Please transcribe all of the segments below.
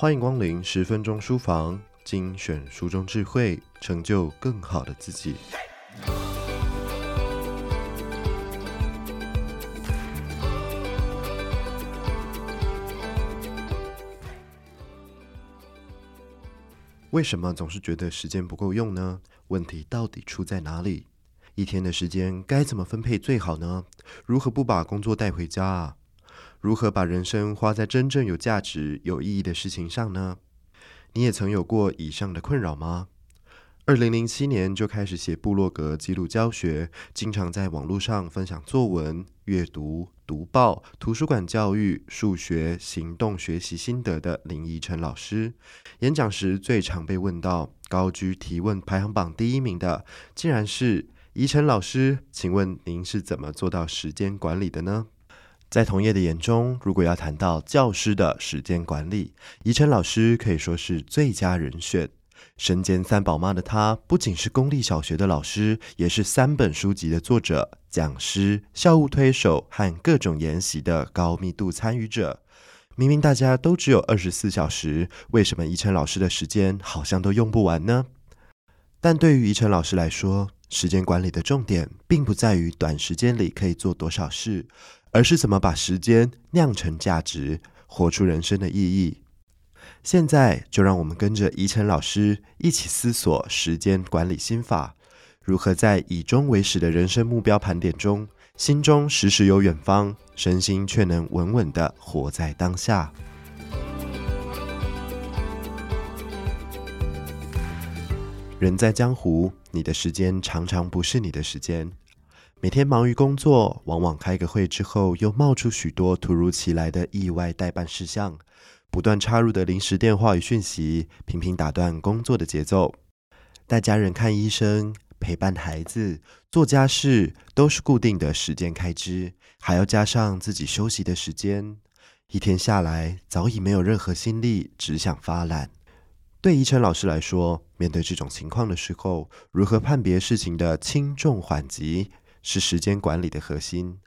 歡迎光臨十分鐘書房，精選書中智慧，成就更好的自己。為什麼總是覺得時間不夠用呢？問題到底出在哪裡？一天的時間該怎麼分配最好呢？如何不把工作帶回家啊？如何把人生花在真正有價值、有意義的事情上呢？你也曾有過以上的困擾嗎？二零零七年就開始寫部落格、記錄教學，經常在網絡上分享作文、閱讀、讀報、圖書館教育、數學、行動學習心得的林怡辰老師，演講時最常被問到，高居提問排行榜第一名的，竟然是怡辰老師。請問您是怎麼做到時間管理的呢？在同業的眼中，如果要談到教師的時間管理，怡辰老師可以說是最佳人選。身兼三寶媽的她，不僅是公立小學的老師，也是三本書籍的作者、講師、校務推手和各種研習的高密度參與者。明明大家都只有二十四小時，為什麼怡辰老師的時間好像都用不完呢？但對於怡辰老師來說，時間管理的重點，並不在於短時間裡可以做多少事，而是怎麼把時間釀成價值，活出人生的意義。現在就讓我們跟着怡辰老師一起思索時間管理心法，如何在以終為始的人生目標盤點中，心中時時有遠方，身心卻能穩穩地活在當下。人在江湖，你的時間常常不是你的時間。每天忙於工作，往往開個會之後，又冒出許多突如其來的意外待辦事項，不斷插入的臨時電話與訊息，頻頻打斷工作的節奏。帶家人看醫生、陪伴孩子、做家事，都是固定的時間開支，還要加上自己休息的時間。一天下來，早已沒有任何心力，只想發懶。對怡辰老師來說，面對這種情況的時候，如何判別事情的輕重緩急，是時間管理的核心。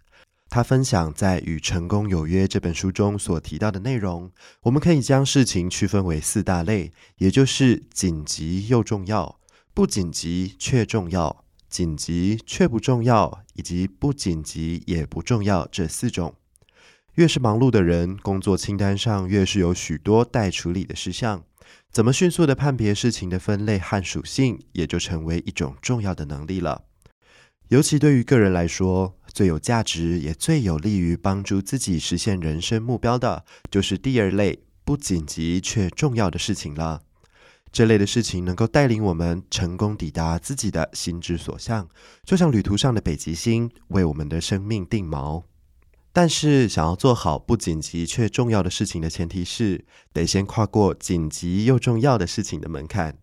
他分享在《與成功有約》這本書中所提到的內容，我們可以將事情區分為四大類，也就是緊急又重要、不緊急卻重要、緊急卻不重要以及不緊急也不重要這四種。越是忙碌的人，工作清單上越是有許多待處理的事項。怎麼迅速地判別事情的分類和屬性，也就成為一種重要的能力了。尤其對於個人來說，最有價值也最有利於幫助自己實現人生目標的，就是第二類不緊急卻重要的事情了。這類的事情能夠帶領我們成功抵達自己的心之所向，就像旅途上的北極星，為我們的生命定錨。但是，想要做好不緊急卻重要的事情的前提是，得先跨過緊急又重要的事情的門檻，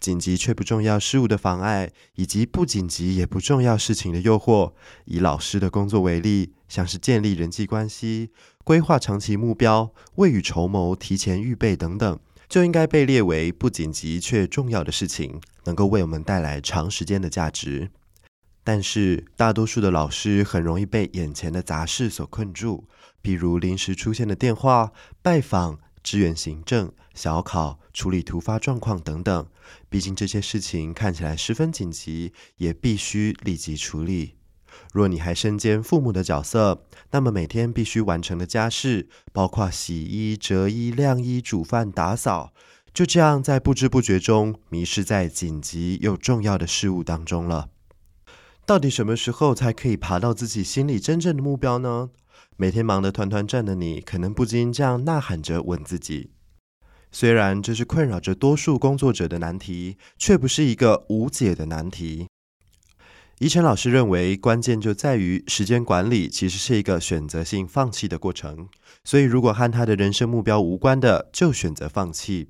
緊急卻不重要事務的妨礙，以及不緊急也不重要事情的誘惑，以老師的工作為例，像是建立人際關係、規劃長期目標、未雨綢繆、提前預備等等，就應該被列為不緊急卻重要的事情，能夠為我們帶來長時間的價值。但是，大多數的老師很容易被眼前的雜事所困住，比如臨時出現的電話、拜訪、支援行政、小考、處理突發狀況等等。畢竟這些事情看起來十分緊急，也必須立即處理。若你還身兼父母的角色，那麼每天必須完成的家事，包括洗衣、折衣、晾衣、晾衣、煮飯、打掃，就這樣在不知不覺中迷失在緊急又重要的事物當中了。到底什麼時候才可以爬到自己心裡真正的目標呢？每天忙得團團轉的你，可能不禁這樣吶喊着問自己。雖然這是困擾着多數工作者的難題，卻不是一個無解的難題。怡辰老師認為，關鍵就在於時間管理其實是一個選擇性放棄的過程。所以，如果和他的人生目標無關的，就選擇放棄。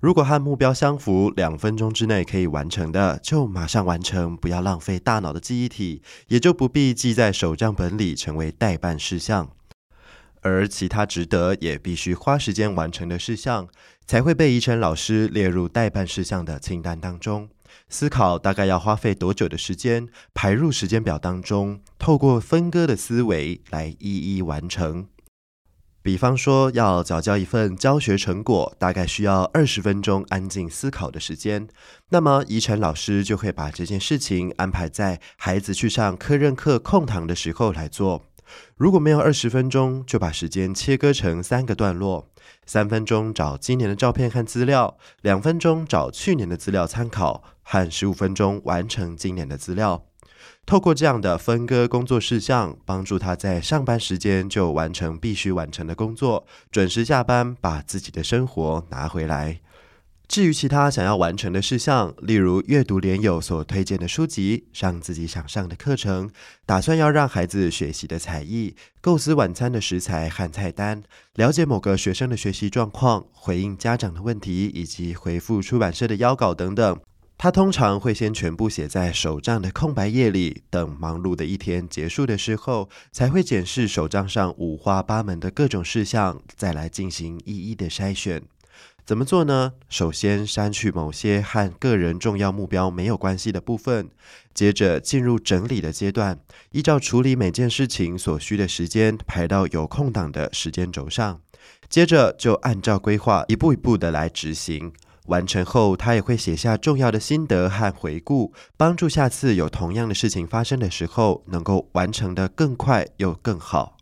如果和目標相符，兩分鐘之內可以完成的，就馬上完成，不要浪費大腦的記憶體，也就不必記在手賬本裡，成為待辦事項。而其他值得也必須花時間完成的事項，才會被怡辰老師列入待辦事項的清單當中。思考大概要花費多久的時間，排入時間表當中，透過分割的思維來一一完成。比方說，要繳交一份教學成果，大概需要二十分鐘安靜思考的時間。那麼，怡辰老師就會把這件事情安排在孩子去上科任課、空堂的時候來做。如果沒有二十分鐘，就把時間切割成三個段落：三分鐘找今年的照片和資料，兩分鐘找去年的資料參考，和十五分鐘完成今年的資料。透過這樣的分割工作事項，幫助他在上班時間就完成必須完成的工作，準時下班，把自己的生活拿回來。至於其他想要完成的事項，例如閱讀連友所推薦的書籍、上自己想上的課程、打算要讓孩子學習的才藝、構思晚餐的食材和菜單、了解某個學生的學習狀況、回應家長的問題以及回復出版社的邀稿等等。他通常會先全部寫在手賬的空白頁裡，等忙碌的一天結束的時候，才會檢視手賬上五花八門的各種事項，再來進行一一的篩選。怎麼做呢？首先刪去某些和個人重要目標沒有關係的部分，接着進入整理的階段，依照處理每件事情所需的時間排到有空檔的時間軸上，接着就按照規劃一步一步的來執行。完成後，他也會寫下重要的心得和回顧，幫助下次有同樣的事情發生的時候，能夠完成的更快又更好。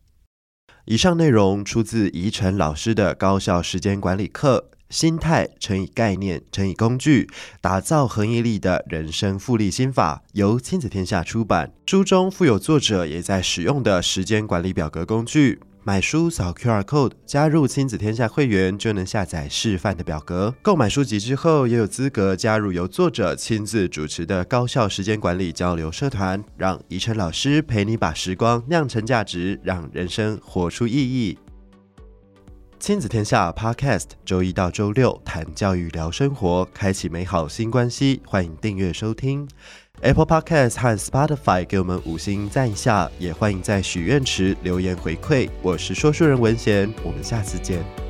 以上內容出自怡辰老師的高效時間管理課：心態乘以概念乘以工具，打造恆毅力的人生複利心法，由親子天下出版。書中附有作者也在使用的時間管理表格工具。買書掃 QR code，加入親子天下會員就能下載示範的表格。購買書籍之後，也有資格加入由作者親自主持的高效時間管理交流社團，讓怡辰老師陪你把時光釀成價值，讓人生活出意義。親子天下 Podcast，週一到週六談教育、聊生活，開啟美好新關係。歡迎訂閱收聽 Apple Podcast 和 Spotify，給我們五星讚一下。也歡迎在許願池留言回饋。我是說書人文賢，我們下次見。